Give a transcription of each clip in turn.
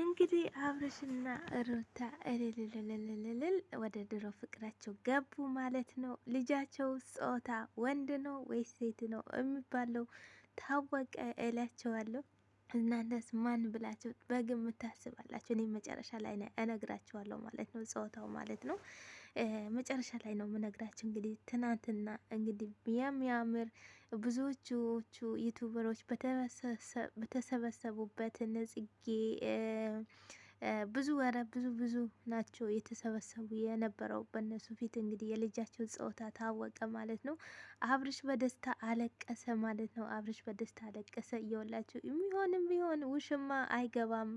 እንግዲህ አብርሽና ሩታ እልልልልልልል ወደ ድሮ ፍቅራቸው ገቡ ማለት ነው። ልጃቸው ጾታ ወንድ ነው ወይስ ሴት ነው የሚባለው ታወቀ እላቸዋለሁ። እናንተስ ማን ብላቸው በግምት ታስባላቸው? እኔ መጨረሻ ላይ እነግራቸዋለሁ ማለት ነው፣ ጾታው ማለት ነው። መጨረሻ ላይ ነው የምነግራችሁ። እንግዲህ ትናንትና እንግዲህ የሚያምር ብዙዎቹ ዩቱበሮች በተሰበሰቡበት ነጽጌ ብዙ ወረ ብዙ ብዙ ናቸው የተሰበሰቡ የነበረው። በእነሱ ፊት እንግዲህ የልጃቸው ጾታ ታወቀ ማለት ነው። አብርሽ በደስታ አለቀሰ ማለት ነው። አብርሽ በደስታ አለቀሰ እየወላቸው የሚሆንም ቢሆን ውሽማ አይገባም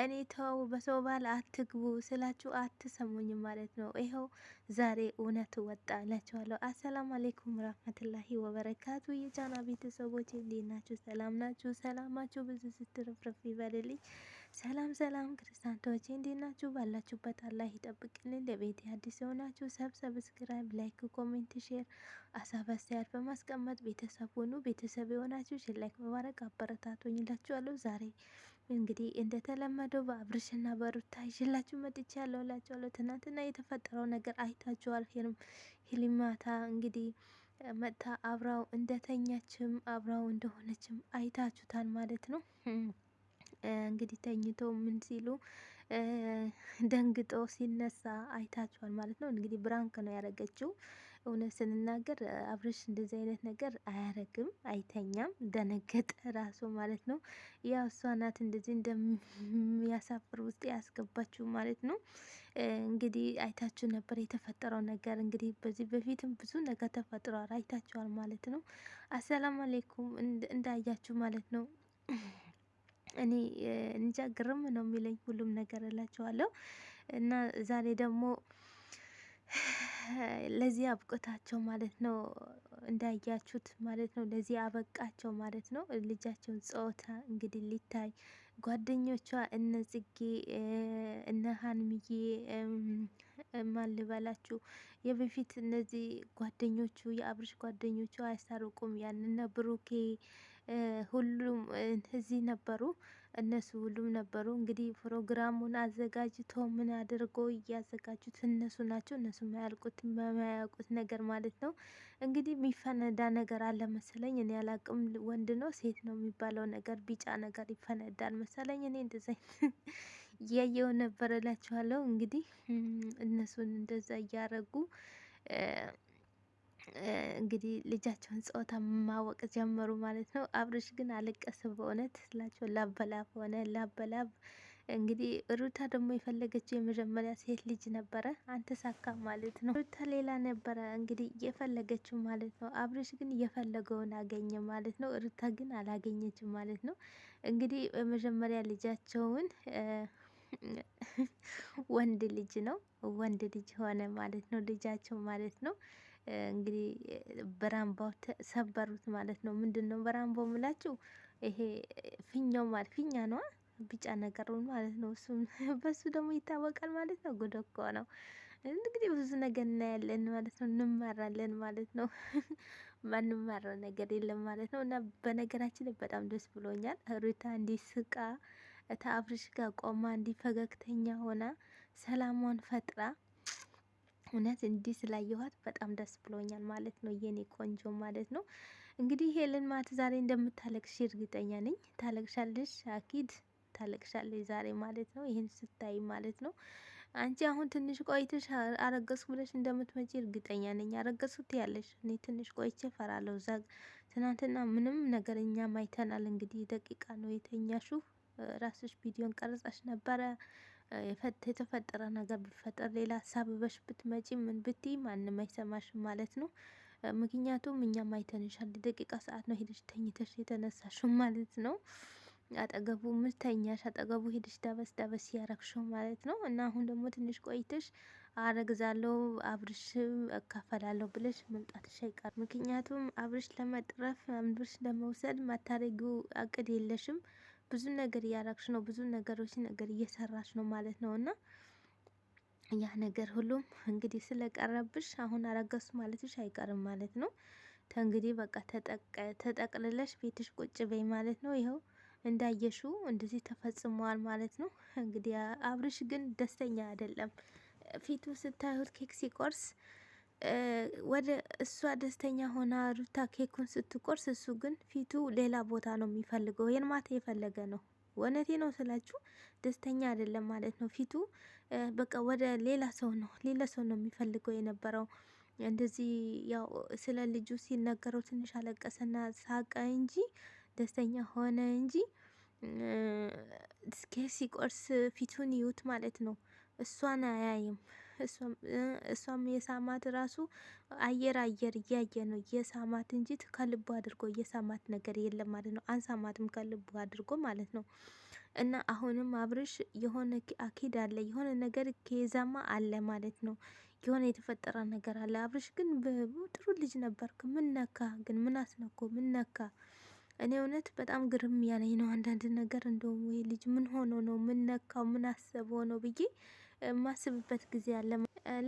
እኔ ተው በሰው ባል አትግቡ ስላችሁ አትሰሙኝ ማለት ነው። ይኸው ዛሬ እውነት ወጣ እላችኋለሁ። አሰላሙ አሌይኩም ራህመቱላሂ ወበረካቱ የጫና ቤተሰቦች እንዴት ናችሁ? ሰላም ናችሁ? ሰላማችሁ ብዙ ስትርፍርፍ ይበልልኝ። ሰላም ሰላም ክርስቲያንቶች እንዴት ናችሁ? ባላችሁበት አላህ ይጠብቅልን። ለቤት አዲስ የሆናችሁ ሰብ ሰብስክራይብ፣ ላይክ፣ ኮሜንት፣ ሼር አሳብ አስተያየት በማስቀመጥ ቤተሰብ ሁኑ። ቤተሰብ የሆናችሁ ሼር ላይክ በማድረግ አበረታቱኝ እላችኋለሁ ዛሬ እንግዲህ እንደተለመደው በአብርሽና በሩታ ይዤላችሁ መጥቻለሁ እላችኋለሁ። ትናንትና የተፈጠረው ነገር አይታችኋል። ሂሊማታ እንግዲህ መጥታ አብራው እንደተኛችም አብራው እንደሆነችም አይታችሁታል ማለት ነው። እንግዲህ ተኝቶ ምን ሲሉ ደንግጦ ሲነሳ አይታችኋል ማለት ነው። እንግዲህ ብራንክ ነው ያደረገችው እውነት ስንናገር አብርሽ እንደዚህ አይነት ነገር አያረግም፣ አይተኛም፣ ደነገጠ ራሱ ማለት ነው። ያው እሷ ናት እንደዚህ እንደሚያሳፍር ውስጥ ያስገባችው ማለት ነው። እንግዲህ አይታችሁ ነበር የተፈጠረው ነገር። እንግዲህ በዚህ በፊትም ብዙ ነገር ተፈጥሯል፣ አይታችኋል ማለት ነው። አሰላም አሌይኩም እንዳያችሁ ማለት ነው። እኔ እንጃ ግርም ነው የሚለኝ ሁሉም ነገር እላችኋለሁ እና ዛሬ ደግሞ ለዚህ አብቅታቸው ማለት ነው። እንዳያችሁት ማለት ነው። ለዚህ አበቃቸው ማለት ነው። ልጃቸውን ጾታ እንግዲህ ሊታይ ጓደኞቿ እነ ጽጌ እነ ሀንምዬ ማን የበፊት እነዚህ ጓደኞቹ የአብርሽ ጓደኞቹ አያስታርቁም። ያንነ ብሩኬ ሁሉም እዚህ ነበሩ። እነሱ ሁሉም ነበሩ። እንግዲህ ፕሮግራሙን አዘጋጅቶ ምን አድርጎ እያዘጋጁት እነሱ ናቸው። እነሱ የማያልቁት የማያውቁት ነገር ማለት ነው። እንግዲህ የሚፈነዳ ነገር አለ መሰለኝ። እኔ አላቅም፣ ወንድ ነው ሴት ነው የሚባለው ነገር፣ ቢጫ ነገር ይፈነዳል መሰለኝ። እኔ እንደዛ እያየው ነበረ እላችኋለሁ። እንግዲህ እነሱን እንደዛ እያረጉ እንግዲህ ልጃቸውን ጾታ ማወቅ ጀመሩ ማለት ነው። አብርሽ ግን አለቀሰ። በእውነት ስላቸው ላበላብ ሆነ ላበላብ። እንግዲህ ሩታ ደግሞ የፈለገችው የመጀመሪያ ሴት ልጅ ነበረ፣ አልተሳካ ማለት ነው። ሩታ ሌላ ነበረ እንግዲህ የፈለገችው ማለት ነው። አብርሽ ግን የፈለገውን አገኘ ማለት ነው። ሩታ ግን አላገኘችም ማለት ነው። እንግዲህ የመጀመሪያ ልጃቸውን ወንድ ልጅ ነው ወንድ ልጅ ሆነ ማለት ነው ልጃቸው ማለት ነው። እንግዲህ በራምባ ሰበሩት ማለት ነው። ምንድን ነው በራምቦ ምላችሁ? ይሄ ፊኛው ማለት ፊኛ ነዋ ቢጫ ነገሩን ማለት ነው። እሱም በሱ ደግሞ ይታወቃል ማለት ነው። ጉድ እኮ ነው። እንግዲህ ብዙ ነገር እናያለን ማለት ነው። እንማራለን ማለት ነው። ማንማረው ነገር የለም ማለት ነው። እና በነገራችን በጣም ደስ ብሎኛል። ሩታ እንዲ ስቃ ተአብርሽ ጋር ቆማ እንዲህ ፈገግተኛ ሆና ሰላሟን ፈጥራ እውነት እንዲህ ስላየኋት በጣም ደስ ብሎኛል ማለት ነው፣ የኔ ቆንጆ ማለት ነው። እንግዲህ ሄለን ማት ዛሬ እንደምታለቅሽ እርግጠኛ ነኝ። ታለቅሻለሽ፣ አኪድ ታለቅሻለሽ ዛሬ ማለት ነው፣ ይህን ስታይ ማለት ነው። አንቺ አሁን ትንሽ ቆይተሽ አረገዝኩ ብለሽ እንደምትመጪ እርግጠኛ ነኝ። አረገዝኩት ያለሽ እኔ ትንሽ ቆይቼ ፈራለሁ። ዛግ ትናንትና ምንም ነገር እኛም አይተናል። እንግዲህ ደቂቃ ነው የተኛሹ። ራስሽ ቪዲዮን ቀርጸሽ ነበረ የተፈጠረ ነገር ቢፈጠር ሌላ ሳብበሽ ብትመጪ ምን ብቲ ማንም አይሰማሽም ማለት ነው። ምክንያቱም እኛም አይተንሻል። ደቂቃ ሰዓት ነው ሄደሽ ተኝተሽ የተነሳሽው ማለት ነው። አጠገቡ ምተኛሽ አጠገቡ ሄደሽ ዳበስ ዳበስ እያረግሽው ማለት ነው። እና አሁን ደግሞ ትንሽ ቆይተሽ አረግዛለሁ አብርሽ እካፈላለሁ ብለሽ መምጣትሽ አይቀር። ምክንያቱም አብርሽ ለመጥረፍ አብርሽ ለመውሰድ ማታረጊው እቅድ የለሽም። ብዙ ነገር እያረግሽ ነው፣ ብዙ ነገሮች ነገር እየሰራሽ ነው ማለት ነው እና ያ ነገር ሁሉም እንግዲህ ስለቀረብሽ አሁን አረገሱ ማለትሽ አይቀርም ማለት ነው። ከእንግዲህ በቃ ተጠቅልለሽ ቤትሽ ቁጭ በይ ማለት ነው። ይኸው እንዳየሹ እንደዚህ ተፈጽሟል ማለት ነው። እንግዲህ አብርሽ ግን ደስተኛ አይደለም። ፊቱ ስታዩት ኬክ ሲቆርስ ወደ እሷ ደስተኛ ሆና ሩታ ኬኩን ስትቆርስ እሱ ግን ፊቱ ሌላ ቦታ ነው የሚፈልገው። የልማት የፈለገ ነው። ወነቴ ነው ስላችሁ ደስተኛ አይደለም ማለት ነው። ፊቱ በቃ ወደ ሌላ ሰው ነው ሌላ ሰው ነው የሚፈልገው የነበረው። እንደዚህ ያው ስለ ልጁ ሲነገረው ትንሽ አለቀሰና ሳቀ እንጂ ደስተኛ ሆነ እንጂ ኬክ ሲቆርስ ፊቱን ይዩት ማለት ነው። እሷን አያይም። እሷም የሳማት ራሱ አየር አየር እያየ ነው የሳማት እንጂ ከልቡ አድርጎ የሳማት ነገር የለም ማለት ነው። አንሳማትም ከልቡ አድርጎ ማለት ነው። እና አሁንም አብርሽ የሆነ አኪድ አለ የሆነ ነገር ከዛማ አለ ማለት ነው። የሆነ የተፈጠረ ነገር አለ። አብርሽ ግን ጥሩ ልጅ ነበርክ። ምን ነካ ግን? ምን አስነኮ? ምን ነካ? እኔ እውነት በጣም ግርም ያለኝ ነው አንዳንድ ነገር እንደውም ልጅ ምን ሆኖ ነው? ምን ነካው? ምን አሰበው ነው ብዬ ማስብበት ጊዜ አለ።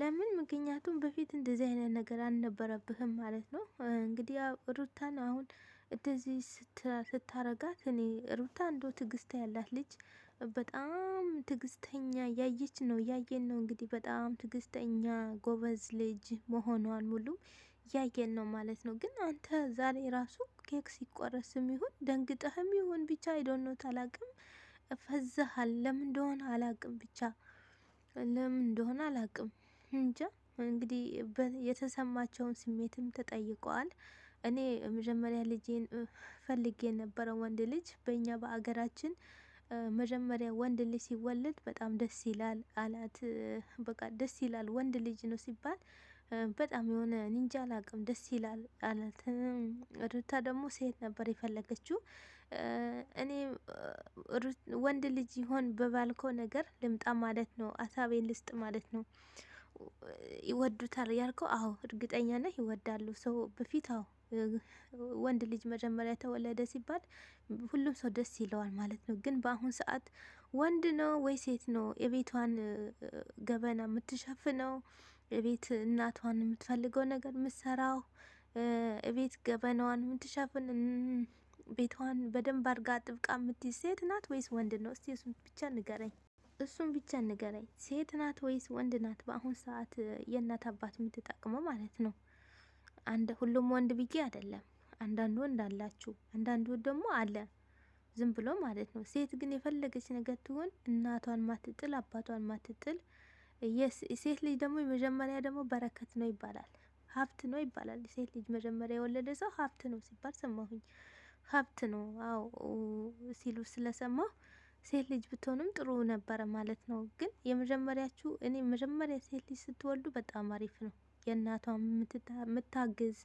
ለምን ምክንያቱም በፊት እንደዚህ አይነት ነገር አልነበረብህም ማለት ነው። እንግዲህ ያው ሩታን አሁን እንደዚህ ስታረጋት እኔ ሩታ እንዶ ትግስት ያላት ልጅ በጣም ትግስተኛ ያየች ነው ያየን ነው እንግዲህ በጣም ትግስተኛ ጎበዝ ልጅ መሆኗን ሙሉ ያየን ነው ማለት ነው። ግን አንተ ዛሬ ራሱ ኬክ ሲቆረስም ይሁን ደንግጠህም ይሁን ብቻ አይዶኖት አላቅም ፈዛሃል። ለምን እንደሆነ አላቅም ብቻ ለምን እንደሆነ አላቅም እንጃ እንግዲህ የተሰማቸውን ስሜትም ተጠይቀዋል። እኔ መጀመሪያ ልጄን ፈልጌ የነበረ ወንድ ልጅ በእኛ በአገራችን መጀመሪያ ወንድ ልጅ ሲወለድ በጣም ደስ ይላል አላት። በቃ ደስ ይላል ወንድ ልጅ ነው ሲባል በጣም የሆነ እንጃ አላውቅም ደስ ይላል አላት። ሩታ ደግሞ ሴት ነበር የፈለገችው። እኔ ወንድ ልጅ ይሆን በባልከው ነገር ልምጣ ማለት ነው። አሳቤን ልስጥ ማለት ነው። ይወዱታል ያልከው? አዎ እርግጠኛ ነህ ይወዳሉ። ሰው በፊት አዎ ወንድ ልጅ መጀመሪያ ተወለደ ሲባል ሁሉም ሰው ደስ ይለዋል ማለት ነው። ግን በአሁን ሰዓት ወንድ ነው ወይ ሴት ነው የቤቷን ገበና የምትሸፍነው የቤት እናቷን የምትፈልገው ነገር የምትሰራው የቤት ገበናዋን የምትሸፍን ቤቷን በደንብ አድርጋ ጥብቃ የምትይዝ ሴት ናት ወይስ ወንድ ነው? እስቲ እሱን ብቻ ንገረኝ። እሱን ብቻ ንገረኝ። ሴት ናት ወይስ ወንድ ናት? በአሁን ሰዓት የእናት አባት የምትጠቅመው ማለት ነው። አንድ ሁሉም ወንድ ብዬ አይደለም። አንዳንዱ ወንድ አላችሁ፣ አንዳንዱ ደግሞ አለ ዝም ብሎ ማለት ነው። ሴት ግን የፈለገች ነገር ትሆን እናቷን ማትጥል አባቷን ማትጥል ሴት ልጅ ደግሞ የመጀመሪያ ደግሞ በረከት ነው ይባላል፣ ሀብት ነው ይባላል። ሴት ልጅ መጀመሪያ የወለደ ሰው ሀብት ነው ሲባል ሰማሁኝ። ሀብት ነው። አዎ ሲሉ ስለሰማሁ ሴት ልጅ ብትሆንም ጥሩ ነበረ ማለት ነው። ግን የመጀመሪያችሁ እኔ መጀመሪያ ሴት ልጅ ስትወልዱ በጣም አሪፍ ነው። የእናቷ የምታግዝ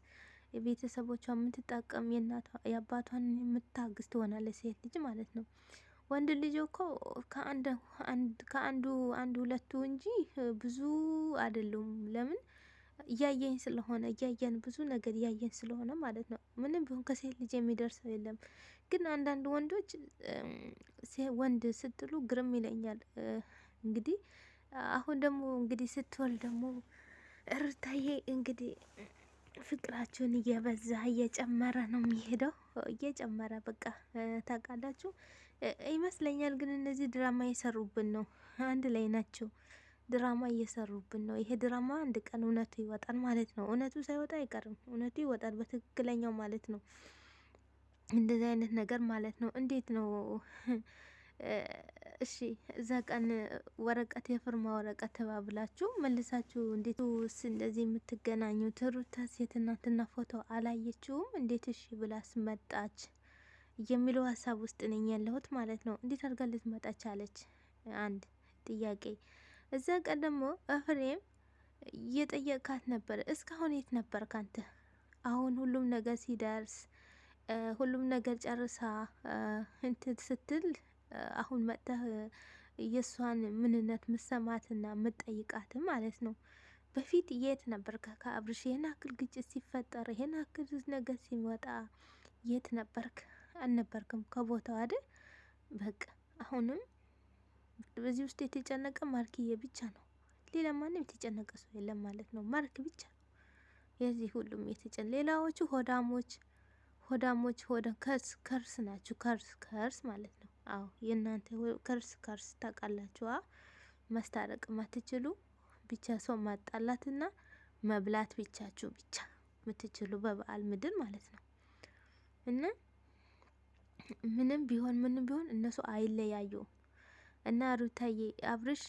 የቤተሰቦቿ የምትጠቀም የእናቷ የአባቷን የምታግዝ ትሆናለች ሴት ልጅ ማለት ነው። ወንድ ልጅ እኮ ከአንዱ አንድ ሁለቱ እንጂ ብዙ አይደሉም። ለምን እያየኝ ስለሆነ እያየን ብዙ ነገር እያየን ስለሆነ ማለት ነው። ምንም ቢሆን ከሴት ልጅ የሚደርሰው የለም። ግን አንዳንድ ወንዶች ወንድ ስትሉ ግርም ይለኛል። እንግዲህ አሁን ደግሞ እንግዲህ ስትወል ደግሞ እርታዬ እንግዲህ ፍቅራችሁን እየበዛ እየጨመረ ነው የሚሄደው። እየጨመረ በቃ ታውቃላችሁ ይመስለኛል። ግን እነዚህ ድራማ የሰሩብን ነው። አንድ ላይ ናቸው። ድራማ እየሰሩብን ነው። ይሄ ድራማ አንድ ቀን እውነቱ ይወጣል ማለት ነው። እውነቱ ሳይወጣ አይቀርም፣ እውነቱ ይወጣል በትክክለኛው ማለት ነው። እንደዚህ አይነት ነገር ማለት ነው። እንዴት ነው እሺ? እዛ ቀን ወረቀት የፍርማ ወረቀት ተባብላችሁ መልሳችሁ እንዴት ስ እንደዚህ ትሩታ ሩታስ የትናንትና ፎቶ አላየችውም እንዴት እሺ ብላስ መጣች የሚለው ሀሳብ ውስጥ ነኝ ያለሁት ማለት ነው። እንዴት አድርጋ መጣች አለች አንድ ጥያቄ እዛ ቀን ደግሞ ኤፍሬም እየጠየቅካት ነበር፣ እስካሁን የት ነበር ካንተ? አሁን ሁሉም ነገር ሲደርስ ሁሉም ነገር ጨርሳ እንትን ስትል አሁን መጥተህ የእሷን ምንነት ምሰማትና ምጠይቃት ማለት ነው። በፊት የት ነበርከ ከአብርሽ? ይህን አክል ግጭት ሲፈጠር ይህን አክል ነገር ሲወጣ የት ነበርክ? አልነበርክም ከቦታው አይደል? በቃ አሁንም በዚህ ውስጥ የተጨነቀ ማርክዬ ብቻ ነው። ሌላ ማንም የተጨነቀ ሰው የለም ማለት ነው። ማርክ ብቻ ነው የዚህ ሁሉም የተጨነ ሌላዎቹ ሆዳሞች ሆዳሞች ሆዳ ከርስ ከርስ ናችሁ። ከርስ ከርስ ማለት ነው። አዎ የእናንተ ከርስ ከርስ ታውቃላችሁ። ማስታረቅ ማትችሉ ብቻ ሰው ማጣላትና መብላት ብቻችሁ ብቻ የምትችሉ በበዓል ምድር ማለት ነው። እና ምንም ቢሆን ምንም ቢሆን እነሱ አይለያዩም። እና ሩታዬ አብርሽ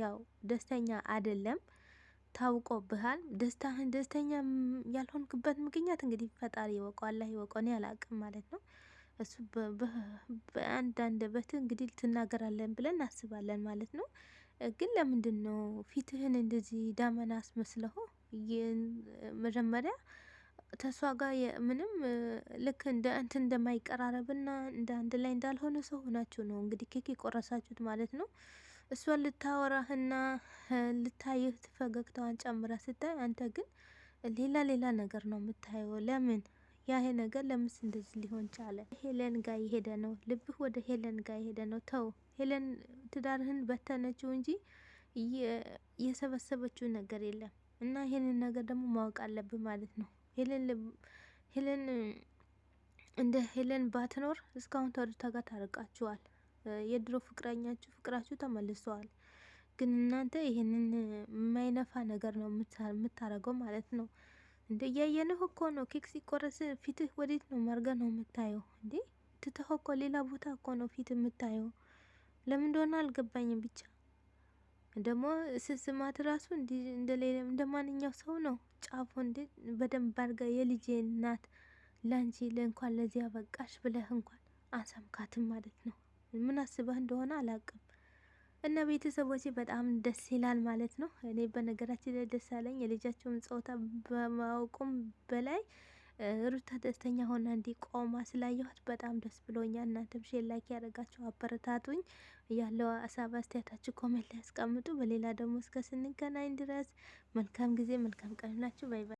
ያው ደስተኛ አይደለም ታውቆብሃል። ደስታህን ደስተኛ ያልሆንክበት ምክንያት እንግዲህ ፈጣሪ ይወቀው፣ አላህ ይወቀው። እኔ አላቅም ማለት ነው። እሱ በአንዳንድ በት እንግዲህ ትናገራለን ብለን እናስባለን ማለት ነው። ግን ለምንድን ነው ፊትህን እንደዚህ ዳመና አስመስለኸው? መጀመሪያ ተስፋ ጋር ምንም ልክ እንደ እንትን እንደማይቀራረብና እንደ አንድ ላይ እንዳልሆነ ሰው ሆናችሁ ነው እንግዲህ ኬክ የቆረሳችሁት ማለት ነው። እሷ ልታወራህና ልታይህ ፈገግታዋን ጨምራ ስታይ፣ አንተ ግን ሌላ ሌላ ነገር ነው የምታየው። ለምን ያሄ ነገር ለምስ እንደዚህ ሊሆን ቻለ? ሄለን ጋር የሄደ ነው ልብህ፣ ወደ ሄለን ጋር የሄደ ነው። ተው ሄለን ትዳርህን በተነችው እንጂ የሰበሰበችው ነገር የለም። እና ይህንን ነገር ደግሞ ማወቅ አለብህ ማለት ነው። ሄለን እንደ ሄለን ባትኖር እስካሁን ተወድታ ጋር ታርቃችኋል። የድሮ ፍቅረኛችሁ ፍቅራችሁ ተመልሰዋል። ግን እናንተ ይህንን የማይነፋ ነገር ነው የምታረገው ማለት ነው። እንደ እያየንህ እኮ ነው። ኬክ ሲቆረስ ፊትህ ወዴት ነው መርገ ነው የምታየው እንዴ? ትተኸው እኮ ሌላ ቦታ እኮ ነው ፊት የምታየው። ለምን እንደሆነ አልገባኝም። ብቻ ደግሞ ስስማት ራሱ እንደ ማንኛው ሰው ነው። ጫፉ እንዴ በደንብ አድርጋ የልጄ እናት ለአንቺ ለእንኳን ለዚህ አበቃሽ ብለህ እንኳን አሳምካትም ማለት ነው። ምን አስበህ እንደሆነ አላቅም። እና ቤተሰቦች በጣም ደስ ይላል ማለት ነው። እኔ በነገራችን ላይ ደስ አለኝ የልጃቸውን ጸውታ በማወቁም በላይ ሩታ ደስተኛ ሆና እንዲህ ቆማ ስላየኋት በጣም ደስ ብሎኛ። እናንተም ሼር ላይክ ያደረጋችሁ አበረታቱኝ። ያለው ሀሳብ አስተያየታችሁ ኮሜንት ላይ ያስቀምጡ። በሌላ ደግሞ እስከ ስንገናኝ ድረስ መልካም ጊዜ መልካም ቀን ናችሁ። ባይ ባይ።